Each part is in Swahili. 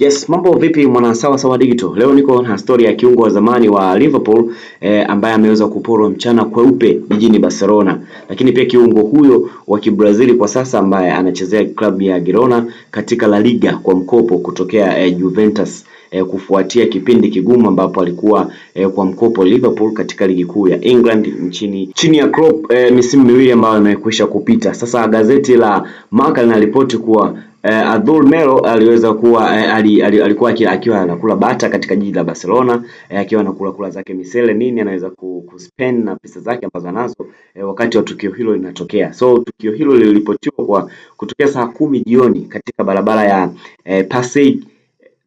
Yes, mambo vipi mwana sawa sawa digital. Leo niko na story ya kiungo wa zamani wa Liverpool eh, ambaye ameweza kuporwa mchana kweupe jijini Barcelona. Lakini pia kiungo huyo wa Kibrazili kwa sasa ambaye anachezea klabu ya Girona katika La Liga kwa mkopo kutokea eh, Juventus eh, kufuatia kipindi kigumu ambapo alikuwa eh, kwa mkopo Liverpool katika ligi kuu ya England nchini chini ya Klopp eh, misimu miwili ambayo imekwisha kupita. Sasa gazeti la Marca linaripoti kuwa Eh, Abdul Melo aliweza kuwa eh, ali, ali, alikuwa akiwa anakula bata katika jiji la Barcelona eh, akiwa anakula kula zake misele nini, anaweza kuspend na pesa zake ambazo anazo eh, wakati wa tukio hilo linatokea. So tukio hilo liliripotiwa kwa kutokea saa kumi jioni katika barabara ya eh, Passage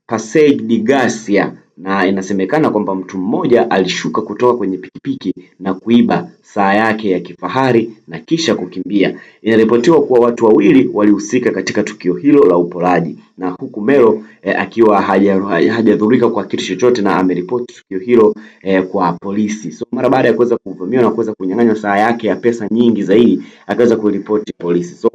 Passeig de Garcia na inasemekana kwamba mtu mmoja alishuka kutoka kwenye pikipiki na kuiba saa yake ya kifahari na kisha kukimbia. Inaripotiwa kuwa watu wawili walihusika katika tukio hilo la uporaji, na huku Mero eh, akiwa hajadhurika kwa kitu chochote na ameripoti tukio hilo eh, kwa polisi. So mara baada ya kuweza kuvamiwa na kuweza kunyang'anywa saa yake ya pesa nyingi zaidi, akaweza kuripoti polisi. So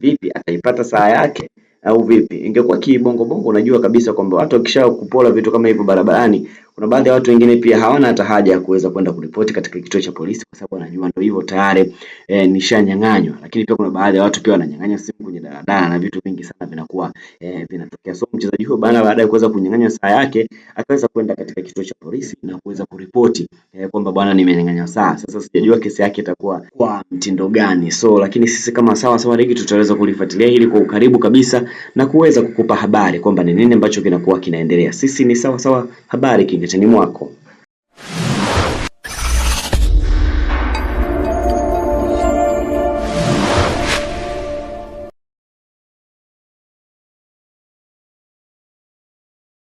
vipi, ataipata saa yake? au vipi? Ingekuwa kibongo bongo, unajua kabisa kwamba watu kupola vitu kama hivyo barabarani kuna baadhi ya watu wengine pia hawana hata haja ya kuweza kwenda kuripoti katika kituo cha polisi kwa sababu wanajua ndio hivyo tayari e, nishanyang'anywa. Lakini pia kuna baadhi ya watu pia wananyang'anya simu kwenye daladala na vitu vingi sana vinakuwa e, vinatokea. So mchezaji huyo bana, baada ya kuweza kunyang'anywa saa yake, akaweza kwenda katika kituo cha polisi na kuweza kuripoti e, kwamba bwana, nimenyang'anywa saa. Sasa sijajua kesi yake itakuwa kwa mtindo gani. So lakini sisi kama Sawa Sawa Ligi tutaweza kulifuatilia hili kwa ukaribu kabisa na kuweza kukupa habari kwamba ni nini ambacho kinakuwa kinaendelea. Sisi ni Sawa Sawa Habari kini gazeti mwako.